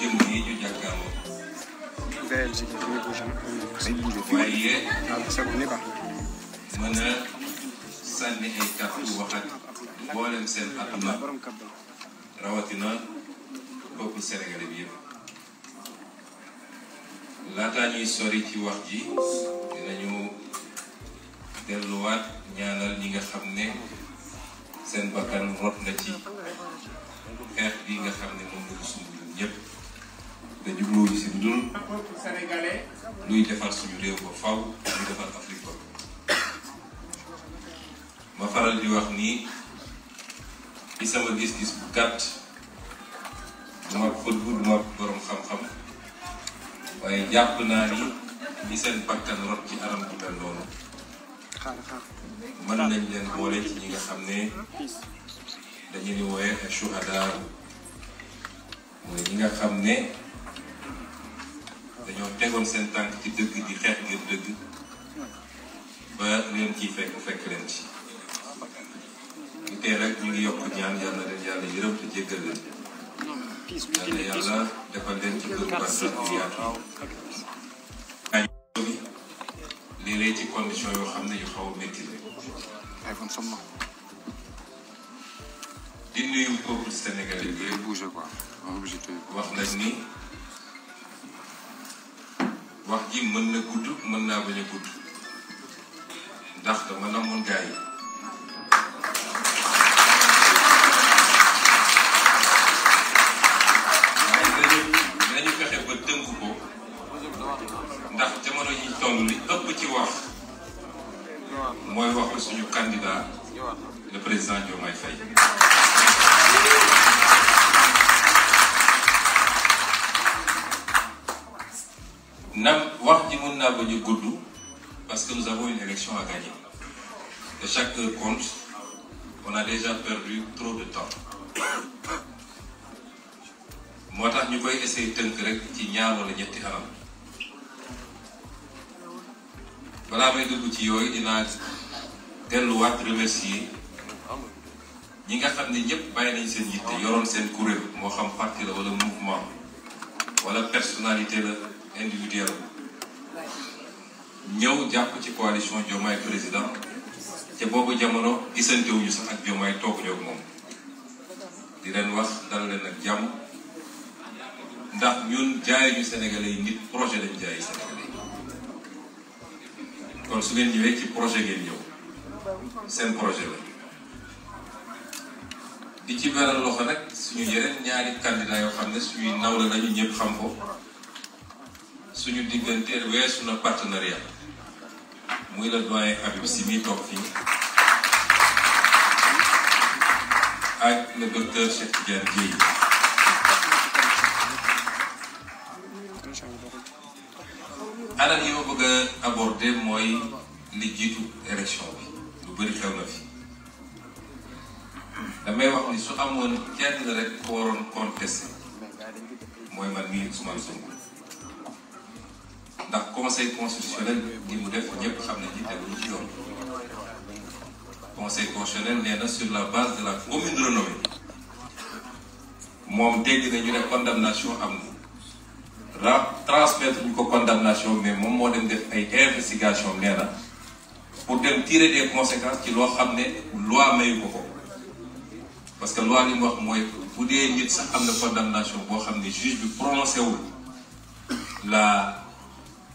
jëmm yi ñu jàkkaarloo. Gaël Jigéen ñu ko jëm. ay buuj fi waaye. waaw sago rawatina boppu Sénégalais bi yëpp. ñuy sori ci wax ji dinañu delluwaat ñaanal ñi nga xam ne seen bakkan rot na ci xeex bi nga xam ne moom sumb ñëpp. te jubloo ñu si lu dul luy defar suñu réew ba faw luy defar Afrique ba ma faral di wax nii ci sama gis-gis bu gàtt ma fël bu ma borom xam-xam waaye jàpp naa ni ñi seen bakkan rot ci anam bu mel noonu mën nañ leen boole ci ñi nga xam ne dañu ni wooye ay shuhada mooy ñi nga xam ne dañoo tegoon seen tànk ci dëgg di xeex ngir dëgg ba leen ciy fekk fekk leen ci ñu tey rek ñu ngi yokk ñaan yàlla leen yàlla yërëm te jéggal leen yàlla yàlla defal leen ci kër barke bu yaatu bi léeg-léeg ci condition yoo xam ne yu xaw a métti la di nuyu peuple sénégalais bi wax nañ ni wax ji mën na gudd mën naa bañ a gudd ndax dama namoon gars yi waaye dañu fexe ba tënk ko ndax jamono yi toll li ëpp ci wax mooy waxu suñu candidat le président Diomaye Faye parce que nous avons une élection à gagner De chaque compte on a déjà perdu trop de temps Moi, je essayer rek ci ñetti vous Je vais remercier ñi nga ñëpp seen seen xam parti la mouvement wala personnalité individuellement ñëw jàpp ci coalition Diomaye président te boobu jamono gisantewuñu sax ak Diomaye toog ak moom di leen wax dal leen ak jàmm ndax ñun jaay ñu Sénégalais yi nit projet lañ jaay Sénégalais yi kon su ngeen ñëwee ci projet ngeen ñëw seen projet la di ci beral loxo nag suñu yeneen ñaari candidat yoo xam ne suñuy naw la nañu ñëpp xam ko suñu diggante weesu na partenariat muy la doyen Habib Sy mi toog ak le docteur Cheikh Tidiane Dièye anam yi bëgg aborder moy li jiitu élection bi lu bari xew na fi damay wax ni su amoon kenn rek ko waroon contesté mooy man mii Ousmane Sonko ndax conseil constitutionnel li mu def ñëpp xam ne ñi ci yoon conseil constitutionnel nee na sur la base de la commune renommée moom dégg ñu ne condamnation am na ra transmettre ñu condamnation mais moom moo dem def ay investigation nee na pour dem tirer des conséquences ci loo xam loi mayu ko ko parce que loi li mu wax mooy bu dee nit sax am na condamnation boo xam ne juge bi prononcé wul la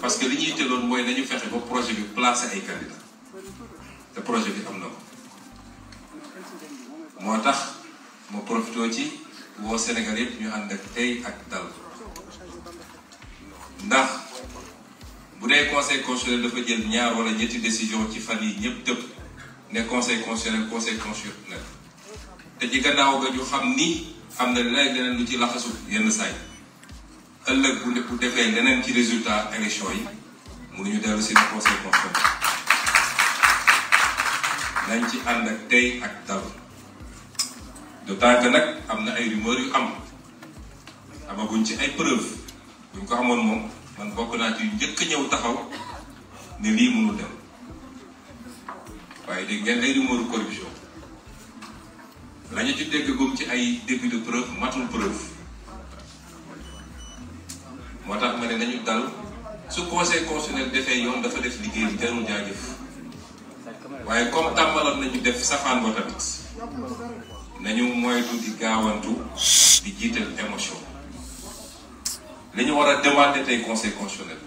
parce que li ñuy jëloon mooy nañu fexe ba projet bi placé ay candidats te projet bi am na ko moo tax ma profité ci woo Sénégal yëpp ñu ànd ak tey ak dal ndax bu dee conseil constitutionnel dafa jël ñaar wala ñetti décision ci fan yi ñëpp dëpp ne conseil constitutionnel conseil constitutionnel te ci gannaaw ga ñu xam ni am na lay leneen lu ci laxasu yenn saa yi ëllëg bu bu defee leneen ci résultat élection yi mënuñu dellu si conseil constitutionnel nañ ci ànd ak tey ak dal d'autant que nag am na ay rumeurs yu am amaguñ ci ay preuve buñ ko amoon moom man bokk naa ci njëkk ñëw taxaw ne lii mënul dem waaye dégg ngeen ay rumeurs corruption la ñu ci dégg gum ci ay début de preuve matul preuve motax mané dañu dal su conseil constitutionnel défé yoon dafa def liggéeyam jarul jaajëf waye comme tambalon nañu def safaan ba tamit nañu du di gawantu di jiital émotion liñu wara demander tay conseil constitutionnel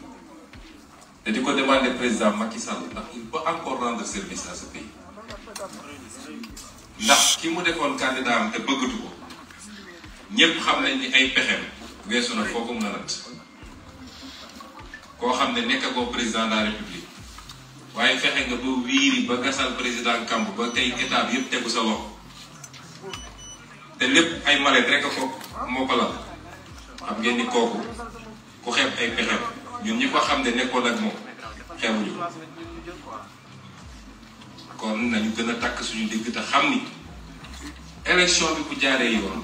te diko demander président Macky Sall ndax il peut encore rendre service à ce pays ndax ki mu defoon candidat am te bëggatu ko ñepp xam nañ ni ay pexem weesu foko mëna rat koo xam ne nekk nekkagoo président de la république waaye fexe nga ba wiiri ba gasal président kamb ba tey état yëpp tegu sa loxo te lépp ay malet rek a ko moo ko lal xam ngeen ni kooku ku ko xam kon nañu gën a takk suñu digg te xam ni élection bi ku jaaree yoon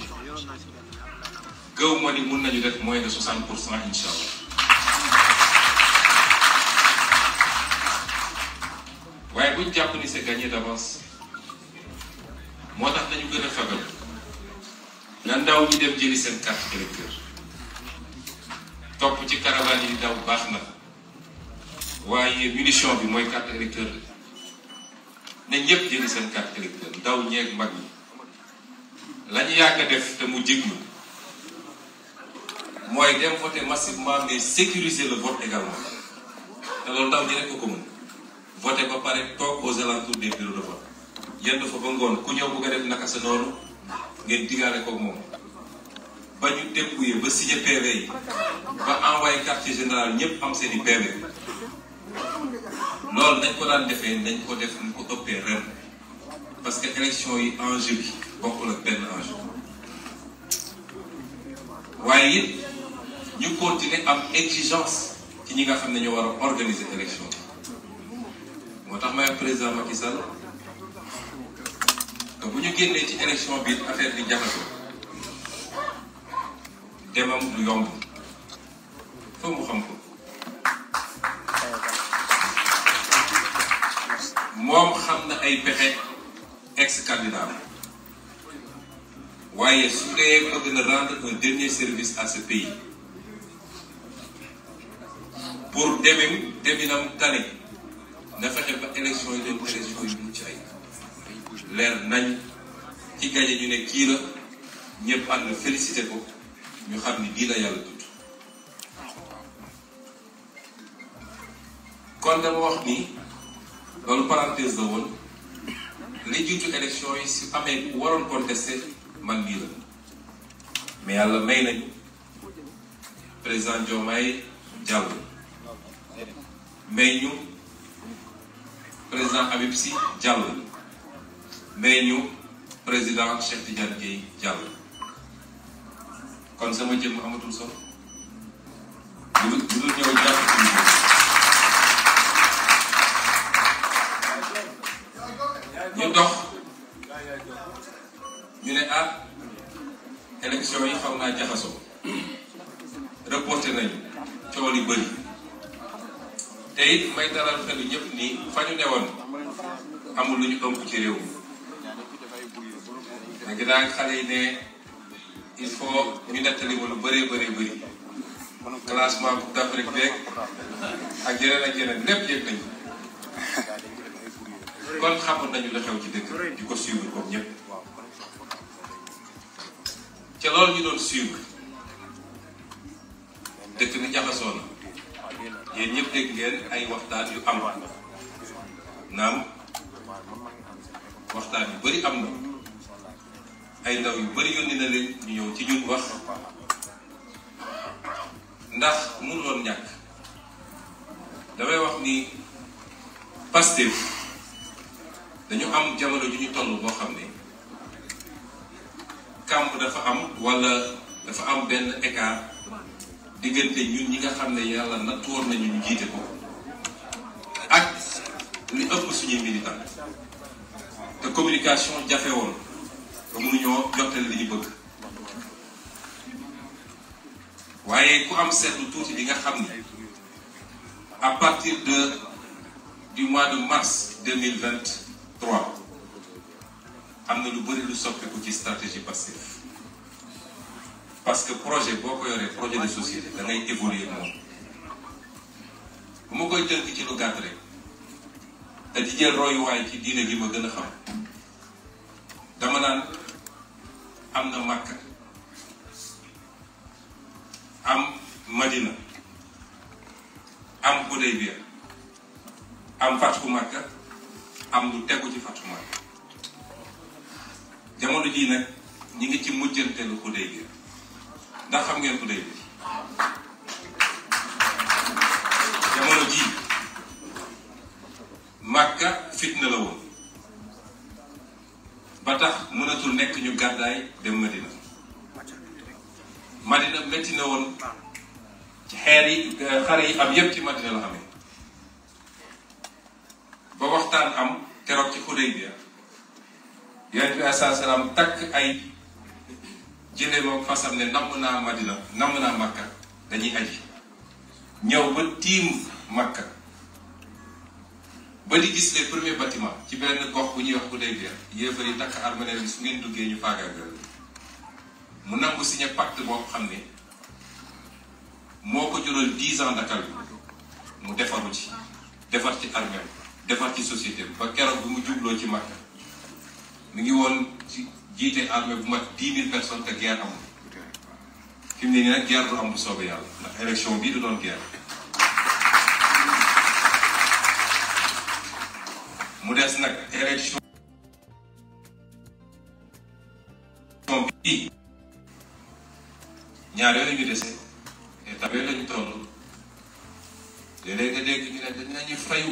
gëw ni mun nañu def mooy de 60 pour cent incha waaye buñ jàpp ni c'est gagné d'avance moo tax nañu gën a fagal na ndaw ñi dem jëli seen carte d'électeur topp ci caravane yi daw baax na waaye munition bi mooy carte d'électeur la ne ñëpp jëli seen carte d'électeur ndaw ñeeg mag ñi la ñu yàgg def te mu jig ñu mooy dem voter massivement mais sécuriser le vote également te loolu ndaw ñi ko ko mën voté ba pare toog aux alentours des bureaux de vote yenn fa ba ngoon ku ñëw bu nga def naka sa noonu ngeen digaale ko moom ba ñu dépouillé ba signé PV yi ba envoyé quartier général ñëpp am seen i PV loolu nañ ko daan defee nañ ko def ñu ko ëppee ren parce que élection yi enjeu bi bokkul ak benn enjeu waaye it ñu continuer am exigence ci ñi nga xam ne ñu war a organiser élection bi may président Macky Sall bu ñu génnee ci élection bi affaire bi jaxasoo demam yomb foo mu xam ko moom xam na ay pexe ex candidat waaye su dee bëgg na un dernier service à ce pour demim deminam tane na fexe ba élection yi doon élection yu mucc ay leer nañ ci gañe ñu ne kii la ñëpp ànd félicité ko ñu xam ni bii la yàlla tudd kon dama wax ni loolu parenthèse la woon li jiitu élection yi si amee waroon contesté man bii la mais yàlla may nañu président Diomaye jàll may ñu président Habib Sy Diallo may ñu président Cheikh Tidiane Gueye Diallo kon sama jëmm amatul solo bu dul bu dul ñëw jàpp ñu dox ñu ne ah élection yi xaw naa jaxasoo reporté nañu coow li bëri te it may dalal xelu ñëpp nii fa ñu newoon amul lu ñu ëmb ci réew mi. léegi daal xale yi ne il faut ñu nettali ma lu bëree bëree bëri classement Coupe d'Afrique beeg ak yeneen ak yeneen lépp yëg nañu kon xamoon nañu la xew ci dëkk di ko suivre comme ñëpp. ca loolu ñu doon suivre dëkk ni jaxasoo yéen ñëpp dégg ngeen ay waxtaan yu am naam waxtaan yu bëri am na ay ndaw yu bëri yónni na leen ñu ñëw ci ñun wax ndax mënuloon ñàkk damay wax ni Pastef dañu am jamono ju ñu toll boo xam ne kàmb dafa am wala dafa am benn écart. diggante ñun ñi nga xam ne nous natt nañu jiite ko ak li communication jafe woon nous mënuñoo li ñu bëgg waaye ku am seetlu tuuti nga à partir de du mois de mars 2023 am na lu bëri lu ci stratégie passive. parce que projet boo ko yoree projet de société da ngay évoluer moom bu ma koy tënk ci lu gàtt rek te royuwaay ci diine gi ma gën a xam dama naan am na Makka am Madina am Hudaybiya am Fathu Makka am lu tegu ci Fathu Makka jamono jii nag ñi ngi ci mujjanteelu Hudaybiya ndax xam ngeen ku dee bi jamono jii màkka fitna la woon ba tax mënatul nekk ñu gàddaay dem madina madina métti na woon xeer yi xare yi am yépp ci madina la xamee ba waxtaan am keroog ci Xudaybiya yonent bi salaam takk ay jëlé mo fasam né namm na madina namm na makka dañuy aji ñew ba tim makka ba di gis les premiers bâtiments ci benn gox bu ñuy wax bu day biir yéefar yi takk armeneer bi su ngeen duggé ñu faagaagal mu nangu signé pacte bo xamné moko moo jural 10 ans dakal mu défaru ci défar ci armée défar ci société ba kéro bu mu jubloo ci makka mi ngi woon ci jiite armée bu mat dix mille te guerre amul fi mu ne nii nag guerre du am bu soobee yàlla ndax élection bii du doon guerre. mu des nag élection bii ñaar yooyu ñu dese état yooyu la ñu toll léeg-léeg nga dégg ne dinañu fayu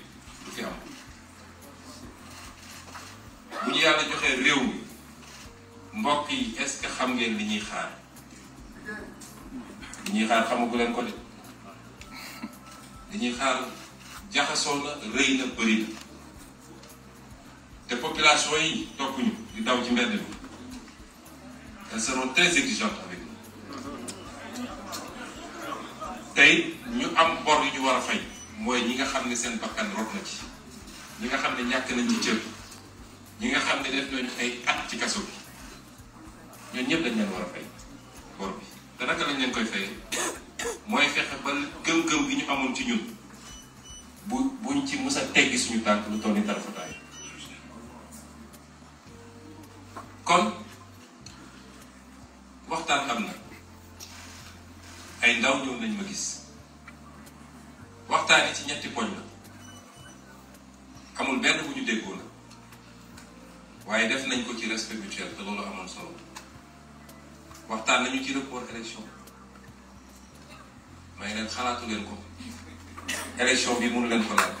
population yi toppuñu di daw ci mbedd bi elles seront très exigeantes avec nous tey ñu am bor yu ñu war a fay mooy ñi nga xam ne seen bakkan rot na ci ñi nga xam ne ñàkk nañ ci cër ñi nga xam ne def nañu ay at ci kaso bi ñoom ñëpp dañ leen war a fay bor bi te naka lañ leen koy fayee mooy fexe ba gëm-gëm gi ñu amoon ci ñun bu buñ ci mës a teggi suñu tànk lu toll tarafataay kon waxtaan am na ay ndaw ñëw nañ ma gis waxtaan yi ci ñetti poñ la amul benn bu ñu déggoo la waaye def nañ ko ci respect mutuel te loolu amoon solo waxtaan nañu ci report élection may leen xalaatu leen ko élection bi mënu leen ko laaj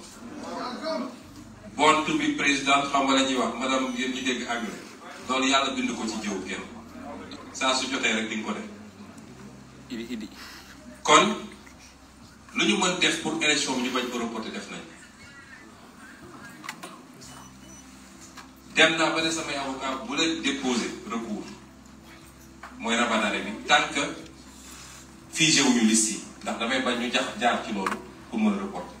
born to be président xam nga la ñuy wax madame yéen ñi dégg anglais loolu yàlla bind ko ci jëw kenn saa su jotee rek di nga ko def kon lu ñu mën def pour élection bi ñu bañ ko reporter def nañ dem naa ba ne samay avocat bu la déposé recours mooy rabanale bi tant que figé wuñu liste yi ndax damay bañ ñu jax jaar ci loolu pour mën a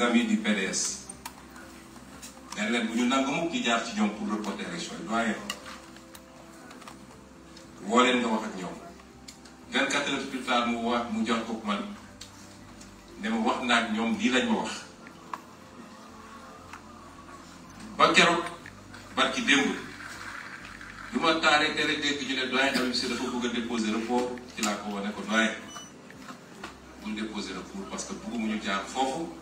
amis du PDS dañ bu ñu nangu mukk ñu jaar ci ñoom pour reporter élection yi doyen woo leen nga wax ak ñoom 24 heures plus tard mu wax mu jox ko man ne ma wax naa ak ñoom lii lañ ma wax ba keroog barki démb lu ma taaree teel a dégg ñu ne doyen Habib Sy dafa bëgg a déposer rapport ci laa ko wane ko doyen bul déposer rapport parce que bëggu ñu jaar foofu.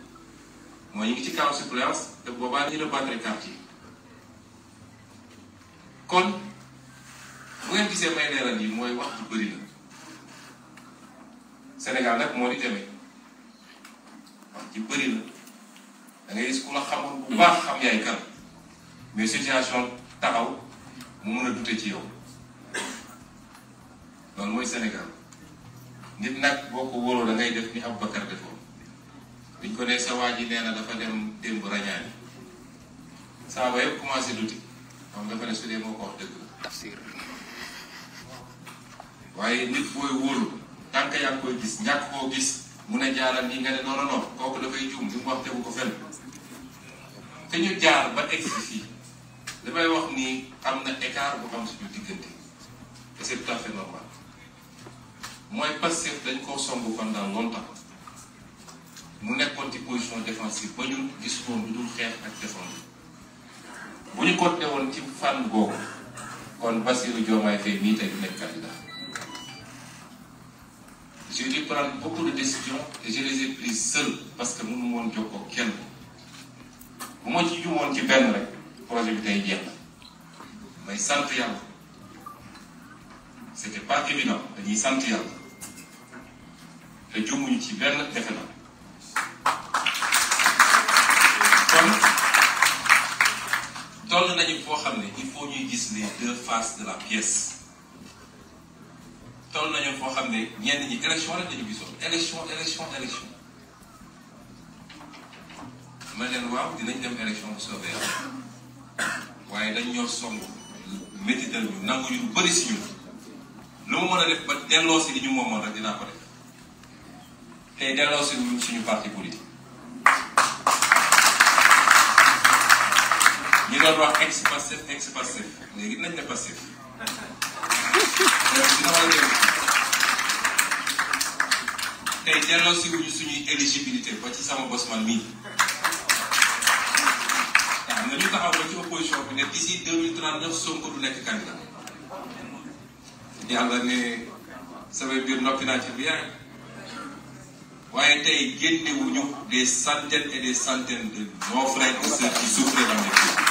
mooy ñu ngi ci kaw suppléance te boobaa dañuy rebattre carte yi kon bu ngeen gisee may leeral yi mooy wax ju bëri la Sénégal nag moo di demee wax ju bëri la da ngay gis ku bu baax xam yaay kan mais situation taxaw mu mën a dute ci yow loolu mooy Sénégal nit nag boo ko wóoroo da def ni Aboubacar defoon. buñ ko nee sa waji ji nee na dafa dem démb rañaani saa ba yëpp commencé duti xam nga ne su dee moo wax deug tafsir waye nit boy wolu tànk yaa koy gis ñak ko gis mu a jaaral ni nga ne non non koku da fay jum dum mu wax tegu ko fenn te ñu jaar ba egg si fii wax ni amna écart bu am suñu diggante c'est tout à fait normal moy passif dañ ko songu pendant longtemps mu avons ci position défensive ba ñu gis woon lu dul xeex ak défendre bu ñu continué woon ci fànn googu kon Diomaye nekk candidat j'ai dû prendre beaucoup de décisions et je les ai prises seul parce que mënu ne suis kenn bu ma ci ci rek projet bi tey jeex na pas évident ci les deux faces la pièce toll nañu foo xam ne ñenn ñi élection rek lañu gisoon élection élection élection ma leen waaw dinañ dem élection bu soobee waaye dañ ñoo song métital ñu nangu ñu bari bëri si ñu lu mu mën a def ba delloo si li ñu rek dinaa ko def tey delloo si suñu parti politique ñu doon wax ex passif ex passif léegi nañ ne passif. tey delloo si wuñu suñuy éligibilité ba ci sama bos man mii. waaw na ñu taxaw ba ci opposition bi ne d'ici deux mille trente neuf Sonko du nekk candidat. yàlla ne samay biir noppi naa ci bien. waaye tey des centaines et des centaines de nos frères et sœurs qui souffrent dans les pays.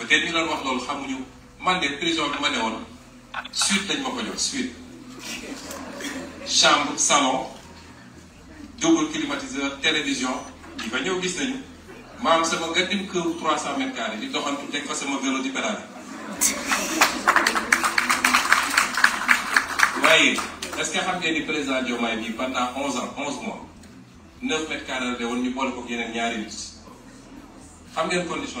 peut-être ñu doon wax loolu xamuñu man de prison suite ma ko suite chambre salon double climatiseur télévision fa gis sama 300 mètres carrés di doxantu fa sama vélo di pédale est-ce que xam ngeen ni président pendant 11 ans 11 mois 9 mètres carrés de ñu boole ko yeneen ñaari ngeen condition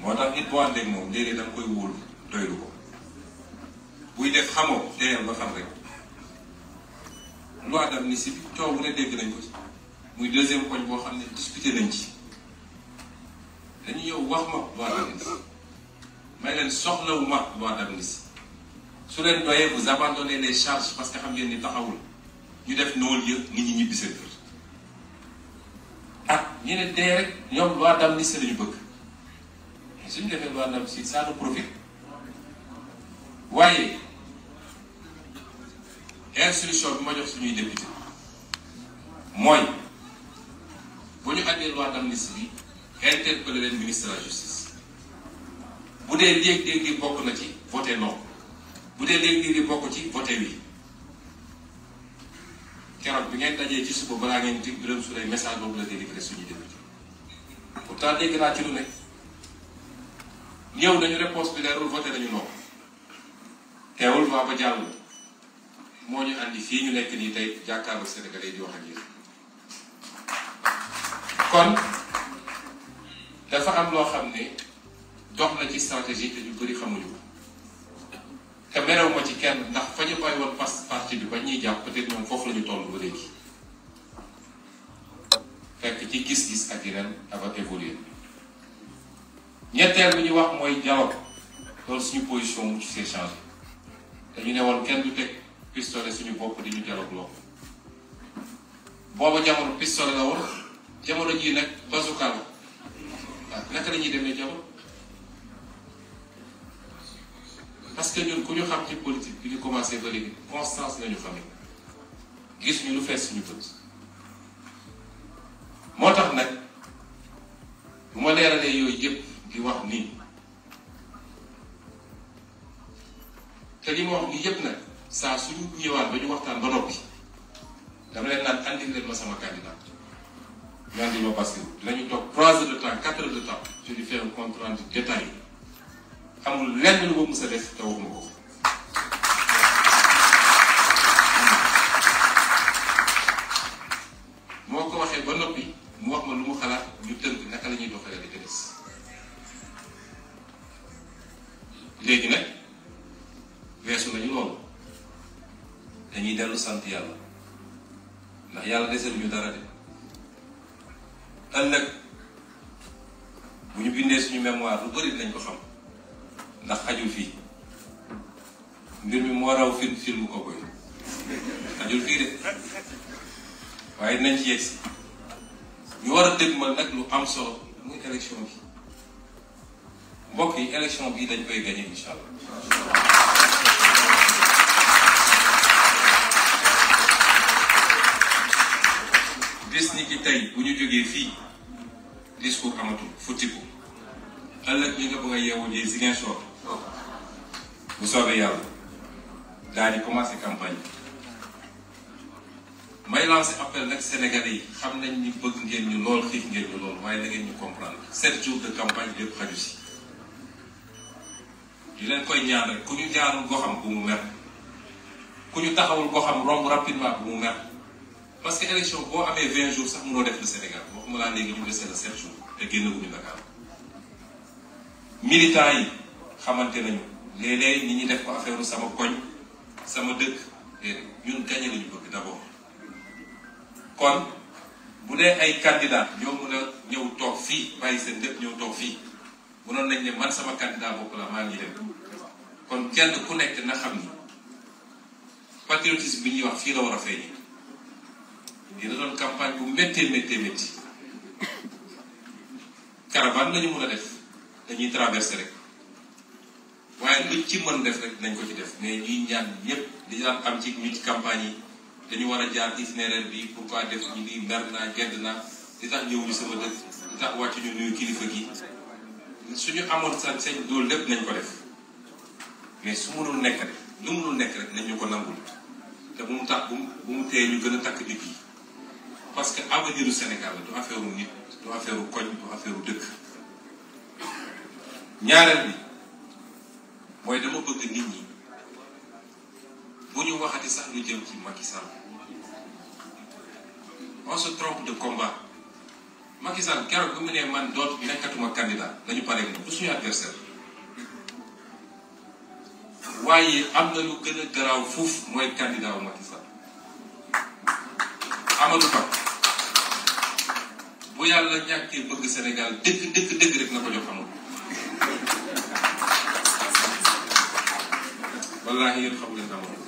moo tax nit boo àndeeg moom léeg-léeg da nga koy wóolu doylu ko buy def xamoo teeyal ba xam rek loi d'amnistie bi coow bu ne dégg nañ ko ci muy deuxième poñ boo xam ne discuté nañ ci dañu yow wax ma loi d'amnistie may leen soxlawu ma loi d'amnistie su leen doyee vous abandonnez les charges parce que xam ngeen ni taxawul ñu def nool lieu nit ñi ñibbi seen kër ah ñu ne dee rek ñoom loi d'amnistie lañu bëgg nous suñu defee loi d'amnistie ça nous profite voyez, instruction bi ma jox député mooy loi bi interpellé ministre de la justice bu dee léeg que vous bokk na ci voté non bu dee que vous li bokk ci voté oui keroog bi ngeen dajee ci suba balaa ngeen di gërëm su message boobu la délivré suñuy député pourtant dégg ñëw nañu réponse bi leerul voté nañu non teewul waa ba jàll moo ñu andi fii ñu nekk nii tey jàkkaarloo Sénégalais di wax ak yéen kon dafa am loo xam ne dox na ci stratégie te ñu bëri xamuñu ko te merew ci kenn ndax fa ñu bàyyi woon pas parti bi ba ñuy jàpp peut-être ñoom foofu la ñu toll ba fekk ci gis-gis ak yeneen dafa évolué. ñetteel bi ñu wax mooy dialogue loolu suñu position mu ci see changé dañu ne woon kenn du teg pistolet suñu bopp di ñu dialogue loo booba jamono pistolet la woon jamono jii nag bazooka la waaw ah, naka la ñuy demee dialogue parce que ñun ku ñu xam ci politique bi ñu commencé ba léegi constance nañu xamee gis ñu lu fees suñu bët moo tax nag bu ma leeralee yooyu yëpp di wax nii te li ma suñu ñëwaat waxtaan ba leen naan andil leen ma sama candidat ñu andil ma parce que dinañu toog trois heures de temps quatre heures de temps je lui fais un compte rendu détaillé amul lenn lu ma def te ko moo ko waxee ba mu wax ma lu mu xalaat ñu tënk léegi nag weesu nañu loolu dañuy dellu sant yàlla ndax yàlla desal ñu dara de ëllëg bu ñu bindee suñu mémoire lu bëri dinañ ko xam ndax xajul fii mbir mi moo raw film film ko koy xajul fii de waaye dinañ ci yegg si ñu war a dégmal nag lu am solo muy élection bi Ok, yi élection dañ koy gagné allah. ki discours nga bu campagne may lancé appel nag Sénégalais xam nañ ni bëgg ngeen ñu lool xiif ngeen ñu lool da comprendre sept jours de campagne de xaju di leen koy ñaan rek ku ñu jaarul goxam bu mu mer ku ñu taxawul goxam romb rapidement bu mu mer parce que élection boo amee 20 jours sax mënoo def le Sénégal waxuma laa léegi ñu dese la 7 jours te génnaguñu Dakar militants yi xamante nañu léeg-léeg nit ñi def ko affaire sama koñ sama dëkk ñun gagné lañu kon bu dee ay candidats ñoo mën a ñëw toog fii bàyyi seen dëkk ñëw toog fii. mënoon nañ ne man sama candidat bopp la maa ngi dem kon kenn ku nekk na xam ni patriotisme bi ñuy wax fii la war a feeñee dina doon campagne bu méttee méttee métti caravane la ñu a def dañuy traversé rek waaye luñ ci mën def rek nañ ko ci def mais ñuy ñaan ñëpp di daan am ci ñu ci campagne yi dañu war a jaar gis itinéraire bi pourquoi def ñu di mer naa gedd naa di tax ñëw ñu sama dëkk di tax wàcc ñu nuyu kilifa gi suñu amoon sa sañ loolu lépp nañ ko def mais su mënul nekk rek lu mënul nekk rek nañ ñu ko nangul te bu mu tax bu mu tee ñu gën a takk digg yi parce que avenir du Sénégal du affaire nit du affaire koñ du affaire dëkk ñaareel bi mooy dama bëgg nit ñi bu ñu waxati sax lu jëm ci Macky Sall on se trompe de combat. Macky Sall keroog bu mu nee man dootu nekkatuma candidat ñu pare moom du suñu adversaire waaye am na lu gën a garaaw fuuf mooy candidat wu Macky Sall Amadou Ba yàlla ñàkkee bëgg Sénégal dëgg dëgg dëgg rek na ko jox Amadou wallaahi yéen xamu leen Amadou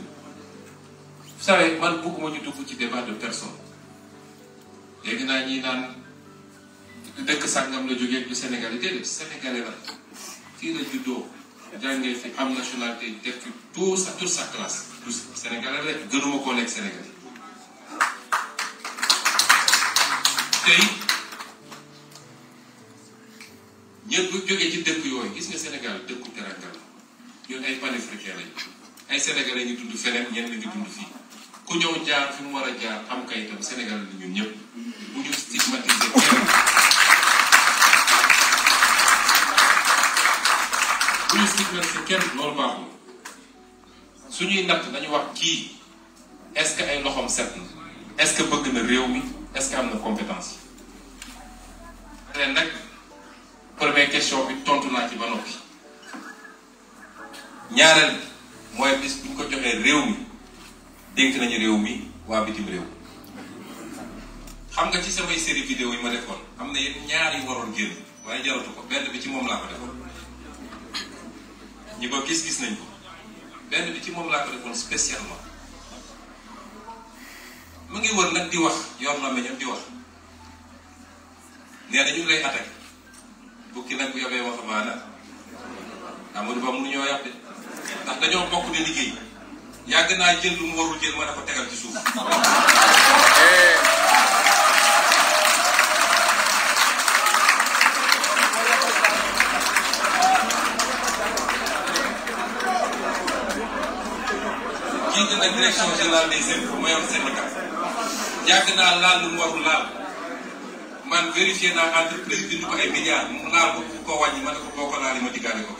vous savez man bëgguma ñu dugg ci débat de personne léegi naa ñi naan dëkk sàngam la jógee du Sénégal yi déedéet la fii la juddoo jàngee fi am nationalité def fi tout sa toute sa classe du la gënuma koo nekk Sénégal tey ñëpp jógee ci dëkk yooyu gis nga Sénégal dëkku teranga la ñun ay panafricain lañu ay sénégalais ñu dund feneen ñenn ñu dund fii ku ñëw jaar fi mu war a jaar am kayitam Sénégal la ñun ñëpp mm-hmm. bu ñu stigmatiser kenn bu ñu stigmatiser kenn loolu baaxul suñuy natt dañu wax kii est-ce que ay loxoom set na est que bëgg na réew mi est-ce que am na compétence yi leen nag première question bi tontu naa ci ba noppi ñaareel mooy bis bu ñu ko joxee réew mi dénk nañu réew mi waa bitim réew xam nga ci sa série vidéo yi ma defoon am na yenn ñaar yu waroon génn waaye jaratu ko benn bi ci moom laa ko defoon ñi ko gis-gis nañ bi ci moom laa ko defoon spécialement mu ngi wër nag di wax yor na meñam di wax nee na ñu lay attaqué bukki nag bu yobee waxamaana Amadou Ba mënuñoo yàpp de ndax dañoo bokk di liggéey yàgg naa jël lu mu warul jël ma dafa tegal ci suuf. jiite na direction générale des impôts ma yor syndicat naa laal lu mu laal man vérifié naa entreprise bi ñu ko ay milliards mu laal ko ko wàññi ma ne ko boo ko laalee ma diggaale ko.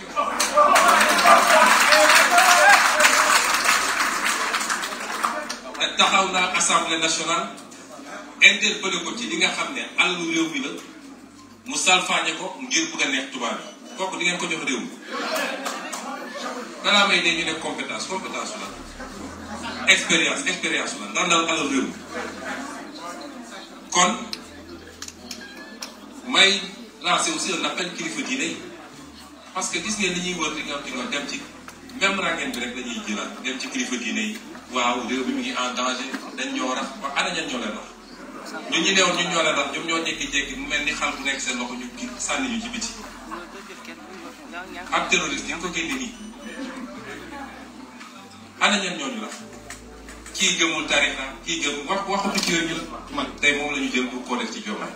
taxaw naa assemblée nationale interpellé ko ci li nga xamné alu rew réew mi la mu salfaañe ko ngir bëgg a neex tuba bi kokku di ngeen ko jox rew da la may dee ñu ne compétence compétence la expérience expérience la ndax dal alu rew kon may lancer aussi un appel kilifa diine yi parce que gis ngeen li ñuy wër di nga am dem ci même rangeen bi rek lañuy jëlat dem ci kilifa diine yi waaw réew bi mu ngi en danger dañ ñoo rax ba ñoo leen rax ñun ñu newoon ñun ñoo leen rax ñoom ñoo jékki-jékki mel ni xal bu nekk seen loxo ñu kii sànni ñu ci ak terroriste yi nga ko génne nii ana ñoo ñu rax kii gëmul tarix la kii gëmul wax waxatu ci yooyu ñu man tey moom la ñu jël pour koo def ci Diomaye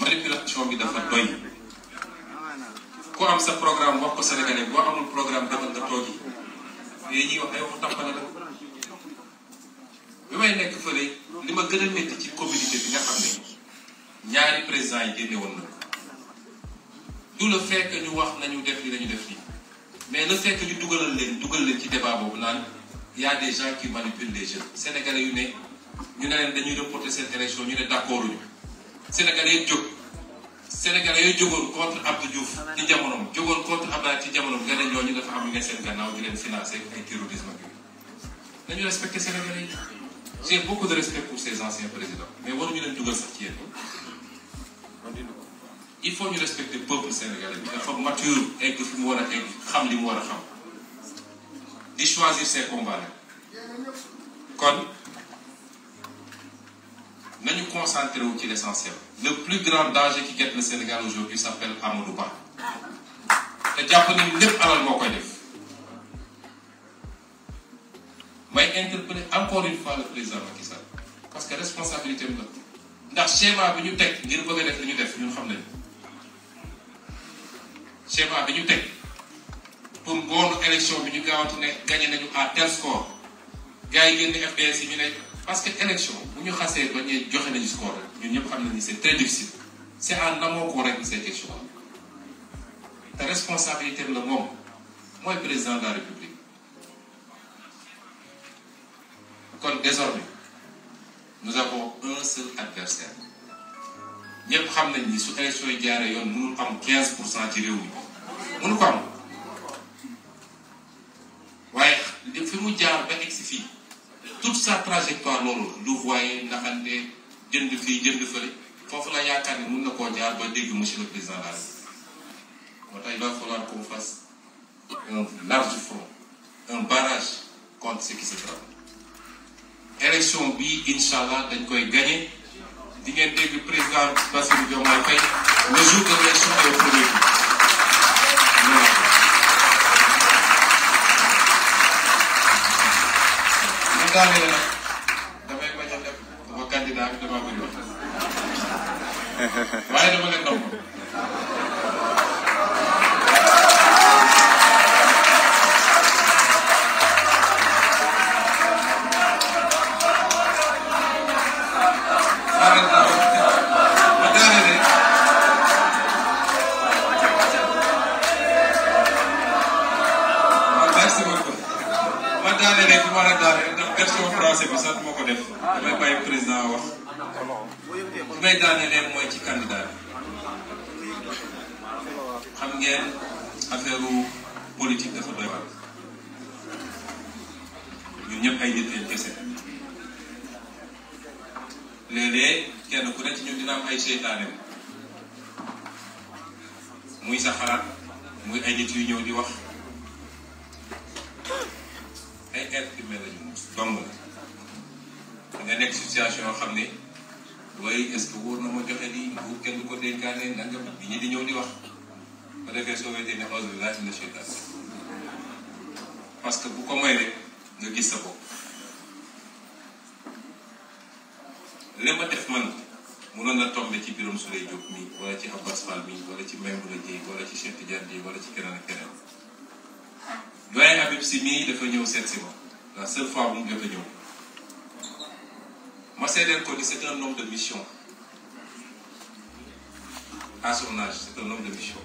manipulation bi dafa doy ku am sa programme wax ko sénégalais boo amul programme demal nga toogi yooyu ñuy wax ay waxu tampale la bi may nekk fële li ma gën a métti ci communauté bi nga xam ne ñaari président yi génne woon na ko du le fait ñu wax nañu def li nañu def li mais le fait ñu dugalal leen dugal leen ci débat boobu naan y a des gens qui manipulent les jeunes sénégalais yu ne ñu ne leen dañuy reporter seen élection ñu ne d'accord ñu sénégalais yëpp jóg Sénégalais contre Abdou Diouf contre Abdou ci nga Sénégalais beaucoup de respect pour ces anciens présidents mais ñu leen dugal sax ci il faut ñu respecter peuple sénégalais bi dafa mature egg xam choisir ses combats kon concentré l'essentiel le plus grand danger qui guette le Sénégal aujourd'hui s'appelle Amadou Ba te jàpp ni lépp alal le faire. Je vais interpeller encore une fois le président Macky Sall parce que responsabilité là. la le schéma que ñu avons, ngir bëgg a def li ñu def ñun xam schéma que ñu avons, pour bonne élection nous avons gagné nañu à tel score Nous avons gagné FDS yi ñu parce que l'élection, bu ñu xasee ba ñee score c'est très difficile c'est un amour correct règle cette question. Ta responsabilité est la moi, suis président de la république désormais nous avons un seul adversaire Nous savons que ni l'élection 15 de au Vous réew ko am fi toute sa trajectoire nous voyons, nous avons jënd fii jënd fële foofu la yaakaar ni mun na koo jaar ba dégg monsieur le président daal moo tax il va falloir qu'on fasse un large front un barrage contre ce qui se trame élection bi incha allah dañ koy gagné di ngeen dégg président Bassirou Diomaye Faye le jour de l'élection est le premier tour Vai no moletom. Merci beaucoup. Madame, les recommandés, merci au français, parce que je ne peux pas président. li may daanelee mooy ci candidat xam ngeen affaire politique dafa doy waar ñun ñëpp ay nit lañ kese léeg kenn ku ne ci ñun dina ay seytaaneem muy sa muy ay nit yu ñëw di wax ay êtres humains lañu dong la nga nekk situation yoo xam ne. waaye est-ce na ma joxe lii bu kenn ko dénkaane nanga bi ñu di ñëw di wax bu defee soo wetee ne a'uuzu parce que bu ko nga gis sa ma def man mënoon na tombe ci biirum su lay jóg mi ci Abbas Fall mi wala ci ci Cheikh Tidiane Dieye wala ci keneen ak keneen doyen Habib Sy mii dafa si ma la bu mu jot a ñëw Masséden Koli, c'est un homme de mission. À son âge, c'est un homme de mission.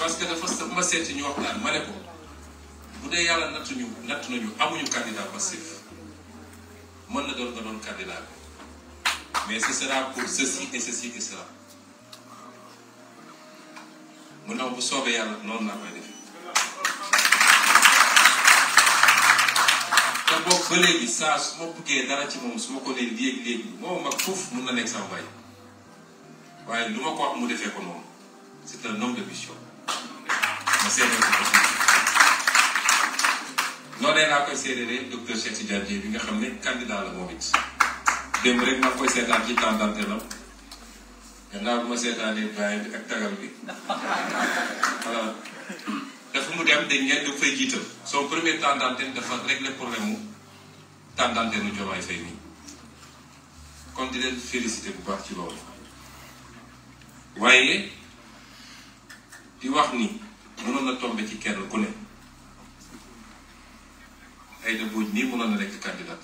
parce que la force c'est seeti ñu waxtaan Vous ne ko bu dee yàlla nattuñu nañu amuñu candidat passif Moi, na doon doon candidat mais ce sera pour ceci et ceci et sera Maintenant, vous bu soobee non, non. man boobu bi sa saa su dara ci mom su ma ko nee léegi léegi mo mag fouf mun na nek sama bay waaye lu ko wax mu defee ko non c'est un homme de vision ma seedeel ko ko suuf noonee laa koy seedeelee docteur Cheikh Tidiane bi nga xam candidat la moom dem rek ma koy seetaan ci temps d'antenne gannaaw bi ma seetaanee bay bi ak tagal bi voilà dafa mu dem dañ ngeen daf fay jiital son premier temps d'antenne dafa régler problème tàngal deenu Diomaye Faye nii kon di leen félicité bu baax ci loolu waaye di wax ni mënoon na tombe ci kenn ku ne ay da buuj nii mënoon na nekk candidat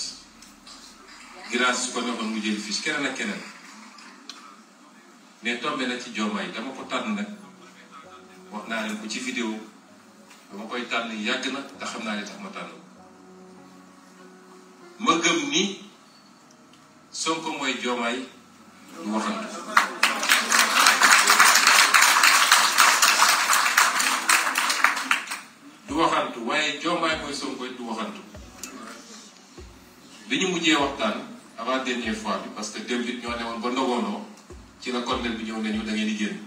grâce su ko neexoon mu jëli keneen ak keneen mais tombe na ci Diomaye dama ko tànn nag wax naa leen ko ci vidéo dama koy tànn yàgg na te xam naa li tax ma tànn ma gëm ni Sonko mooy Diomaye du waxantu du waxantu waaye Diomaye mooy Sonko du waxantu bi ñu mujjee waxtaan avant dernière fois bi parce que démb it ñoo ne woon ba ndogoonoo ci la colonel bi ñëw nañu da ngeen di génn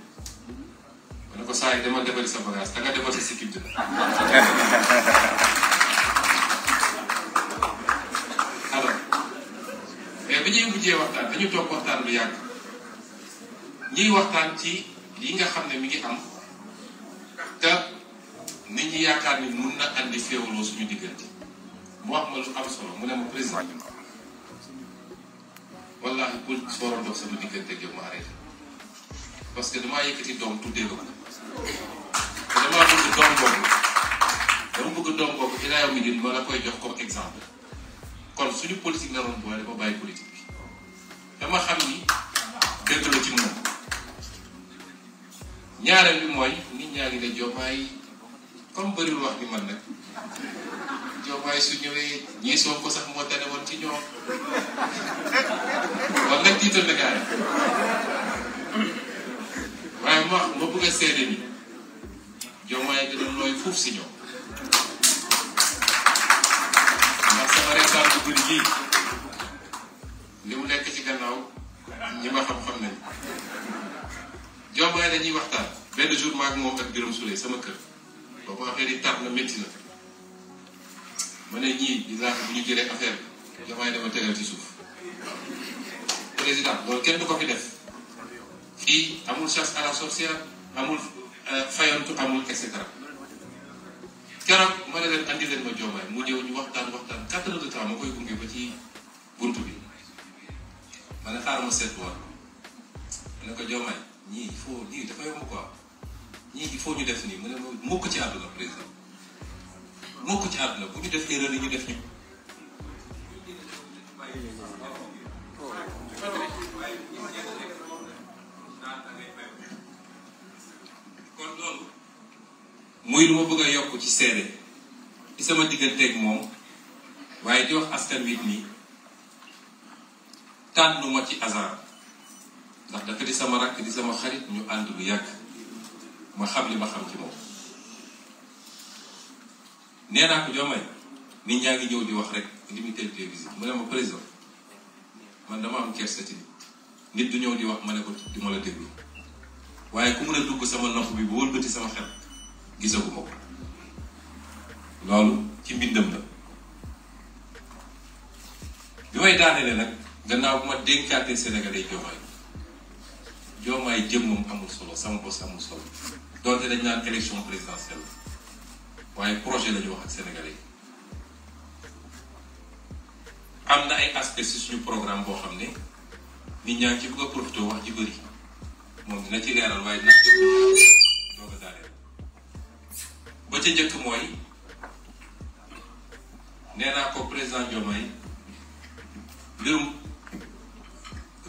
ma ne ko saa dama defari sa bagage da defar sa sécurité mujjee waxtan dañu tok waxtan lu yàgg ñi waxtan ci li nga xamné mi ngi am ta ni ñi yaakaar ni mun na andi féwlo suñu diggante mu wax ma lu am solo mu né mo président wallahi pour soro dox sama diggante ak yow arrêté parce que dama yëkëti doom tuddé ko dama damaa bëgg doom boobu dama bëgg doom boobu ila yow mi din la koy jox comme exemple kon suñu politique naroon boole ba bay politique ma xam ni dëgg la ci moom ñaareel bi mooy nit ñaa ngi ne comme bëriwul wax bi man nag Diomaye su ñëwee ñii soo ko sax moo tane woon ci ñoom waaye ma ma bëgg a ni Diomaye gën a nooy fuuf si ñoom ndax sama réew bu gën jii li mu nekk ñi ma xam-xam nañ jombaay dañuy waxtaan benn jour maag moom ak Birame sama kër boobu affaire yi tar na métti na ma ne ñii di laata bu ñu jëlee affaire bi jombaay dama tegal ci suuf président loolu kenn du ko fi def fii amul chasse à la sorcière amul euh, fayantu amul et cetera keroog ma leen andi leen ma jombaay mu ñëw ñu waxtaan waxtaan quatre heures temps ma koy ne xaaral ma seetluwaat ko ne ko Diomaye ñii il faut lii dafa yomb quoi ñii il ñu def nii mu ne mukk ci àdduna président mukk ci àdduna bu ñu def erreur yi ñu def ñu. muy lu ma bëgg a yokk ci seede ci sama digganteeg moom waaye di wax askan wi nii. tànnuma ci hasard ndax dafa di sama rakk di sama xarit ñu ànd lu yàgg ma xam li ma xam ci moom nee naa ko Diomaye nit ñaa ngi ñëw di wax rek li muy teel télévision mu ne ma président man dama am kersa ci nit du ñëw di wax ma ne ko di ma la déglu waaye ku mën a dugg sama nopp bi ba wëlbati sama xet gisagu ma ko loolu ci mbindam la bi may daanele nag gannaaw bu ma dénkaatee Sénégalais Diomaye Diomaye jëmmam amul solo sama bos amul solo donte dañ naan élection présidentielle waaye projet la ñu wax ak Sénégalais am na ay aspects ci suñu programme boo xam ne nit ñaa ngi ci bëgg a wax ji bëri moom dina ci leeral waaye dina doog ca njëkk mooy nee naa ko président Diomaye mbirum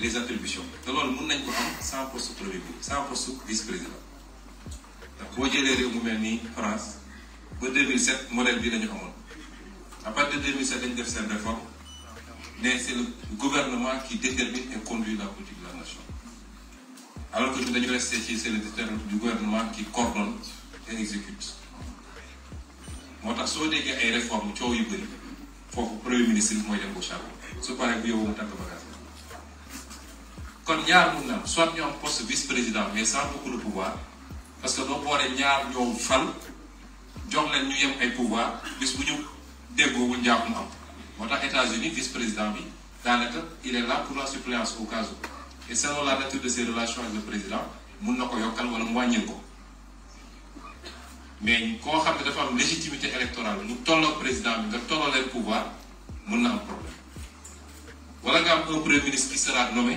les attributions C'est ce mun nañ ko am sans poste premier ministre sans poste vice président Le boo jëlee réew ni France en 2007 modèle bi la ñu amoon à partir de 2007 a fait cette réforme mais c'est le gouvernement qui détermine et conduit la politique de la nation alors que nous, dañu resté ci c'est le du gouvernement qui coordonne et exécute moo tax une réforme, ay réformes coow yu pour le premier ministre bi mooy dem bu charbon su paree bu yóbbu mu il y a un soit ñu vice président mais sans beaucoup de pouvoir parce que nous avons ñaar ñoo fal jox leen ñu yem ay pouvoir bis bu ñu un njàpp mu am États-Unis vice président il est là pour la suppléance au cas où et selon la nature de ses relations avec le président nous na ko yokkal wala mu ko mais quand xam ne dafa légitimité électorale nous avons le président bi avons tolloo pouvoir nous na un problème Voilà un premier ministre qui sera nommé.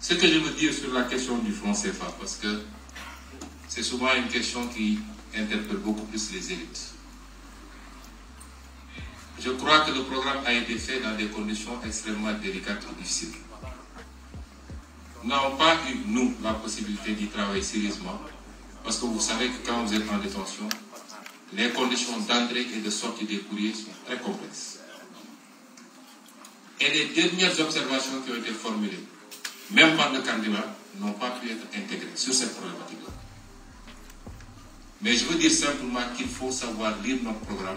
Ce que je veux dire sur la question du front CFA, parce que c'est souvent une question qui interpelle beaucoup plus les élites. Je crois que le programme a été fait dans des conditions extrêmement délicates et difficiles. Nous n'avons pas eu, nous, la possibilité d'y travailler sérieusement, parce que vous savez que quand vous êtes en détention, les conditions d'entrée et de sortie des courriers sont très complexes. Et les dernières observations qui ont été formulées même pas de candidats, n'ont pas pu être intégrés sur cette problématique-là. Mais je veux dire simplement qu'il faut savoir lire notre programme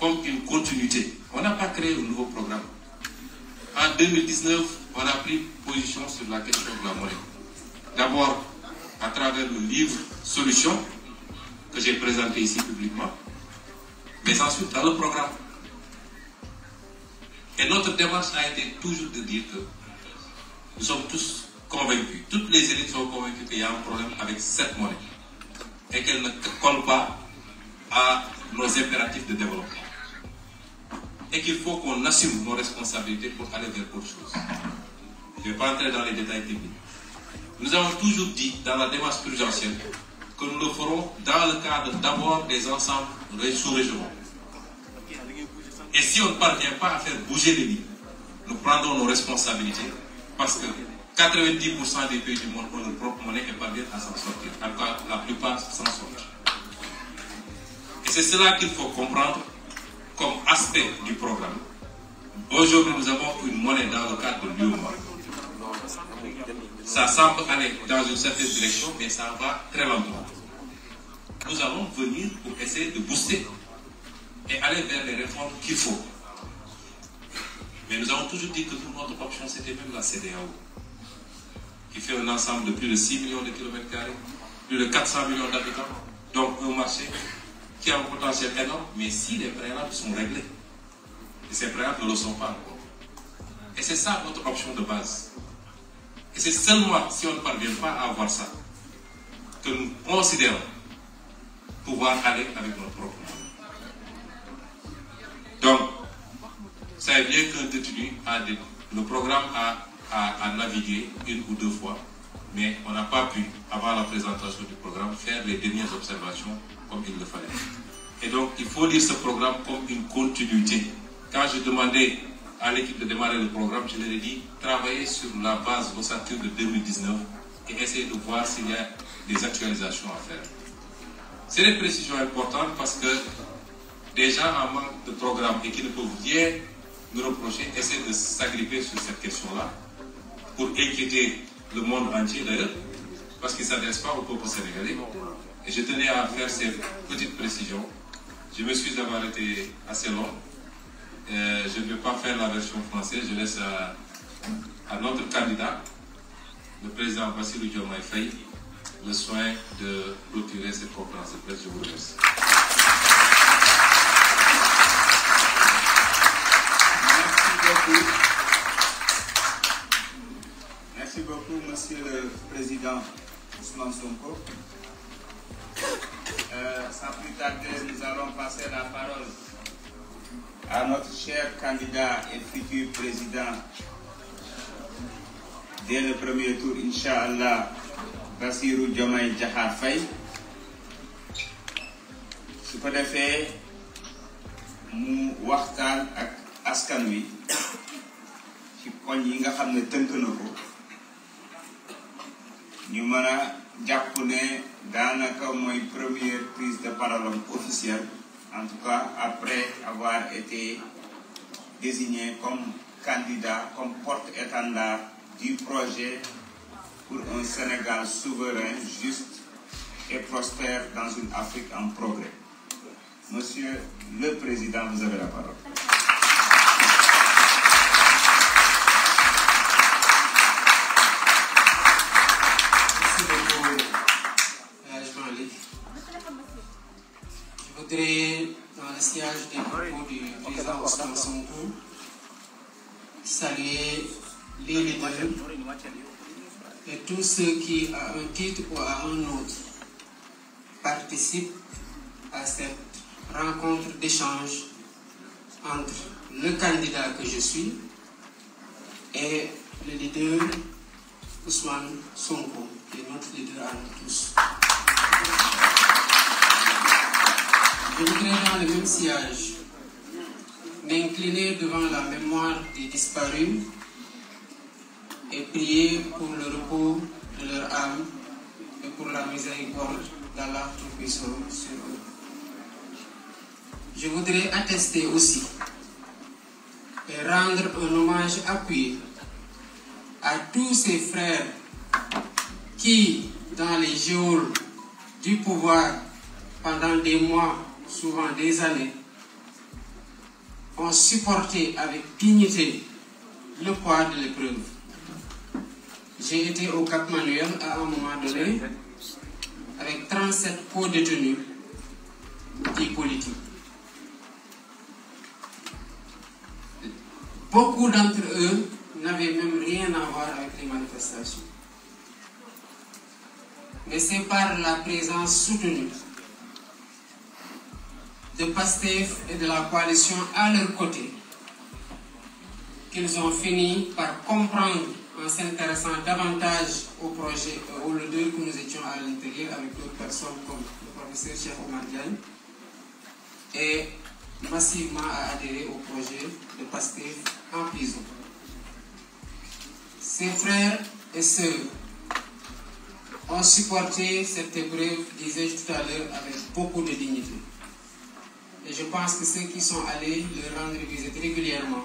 comme une continuité. On n'a pas créé un nouveau programme. En 2019, on a pris position sur la question de la monnaie. D'abord, à travers le livre Solution que j'ai présenté ici publiquement, mais ensuite dans le programme. Et notre démarche a été toujours de dire que nous sommes tous convaincus, toutes les élites sont convaincues qu'il y a un problème avec cette monnaie et qu'elle ne colle pas à nos impératifs de développement. Et qu'il faut qu'on assume nos responsabilités pour aller vers autre chose. Je ne vais pas entrer dans les détails techniques. Nous avons toujours dit dans la démarche prudentielle que nous le ferons dans le cadre d'abord des ensembles sous-régionaux. Et si on ne parvient pas à faire bouger les lignes, nous prendrons nos responsabilités parce que 90% des pays du monde ont leur propre monnaie et parviennent à s'en sortir. En tout cas, la plupart s'en sortent. Et c'est cela qu'il faut comprendre comme aspect du programme. Aujourd'hui, nous avons une monnaie dans le cadre de l'UMA. Ça semble aller dans une certaine direction, mais ça va très lentement. Nous allons venir pour essayer de booster et aller vers les réformes qu'il faut. Mais nous avons toujours dit que notre option, c'était même la CDAO, qui fait un ensemble de plus de 6 millions de kilomètres carrés, plus de 400 millions d'habitants, donc un marché qui a un potentiel énorme, mais si les préalables sont réglés, et ces préalables ne le sont pas encore. Et c'est ça notre option de base. Et c'est seulement si on ne parvient pas à avoir ça que nous considérons pouvoir aller avec notre propre C'est bien qu'un détenu a le programme a, navigué une ou deux fois, mais on n'a pas pu, avant la présentation du programme, faire les dernières observations comme il le fallait. Et donc, il faut lire ce programme comme une continuité. Quand j'ai demandé à l'équipe de démarrer le programme, je leur ai dit, travaillez sur la base ressentie de 2019 et essayez de voir s'il y a des actualisations à faire. C'est une précision importante parce que des gens en manque de programme et qui ne peuvent rien nous reprocher essayer de s'agripper sur cette question-là pour équiter le monde entier d'ailleurs, parce qu'il ne s'adresse pas au peuple sénégalais. Et je tenais à faire ces petites précisions. Je me suis d'avoir été assez long. Euh, je ne vais pas faire la version française, je laisse à, notre candidat, le président Vassilou Diomaye Faye, le soin de clôturer cette compréhension. Je vous remercie. Merci beaucoup, Monsieur le Président Ousmane Sonko. Euh, sans plus tarder, nous allons passer la parole à notre cher candidat et futur président dès le premier tour, Inch'Allah, Bassirou Diomaye Djahar Faye. vous remercie Je nous yi nga xam ne première prise de parole officielle en tout cas après avoir été désigné comme candidat comme porte-étendard du projet pour un Sénégal souverain, juste et prospère dans une Afrique en progrès. Monsieur le Président, vous avez la parole. dans le siège des propos du président Ousmane Sonko, saluer les leaders et tous ceux qui, à un titre ou à un autre, participent à cette rencontre d'échange entre le candidat que je suis et le leader Ousmane Sonko, qui est notre leader à nous tous. Je voudrais dans le même sillage, m'incliner devant la mémoire des disparus et prier pour le repos de leur âme et pour la miséricorde d'Allah Tout-Puissant sur eux. Je voudrais attester aussi et rendre un hommage appuyé à tous ces frères qui, dans les jours du pouvoir, pendant des mois, souvent des années, ont supporté avec dignité le poids de l'épreuve. J'ai été au Cap Manuel à un moment donné avec 37 co-détenus des politiques. Beaucoup d'entre eux n'avaient même rien à voir avec les manifestations. Mais c'est par la présence soutenue de PASTEF et de la coalition à leur côté, qu'ils ont fini par comprendre en s'intéressant davantage au projet, euh, au 2 que nous étions à l'intérieur avec d'autres personnes comme le professeur Cheikh Omar Diagne, et massivement à adhérer au projet de PASTEF en prison. Ses frères et sœurs ont supporté cette épreuve, disais-je tout à l'heure, avec beaucoup de dignité. Et je pense que ceux qui sont allés le rendre visite régulièrement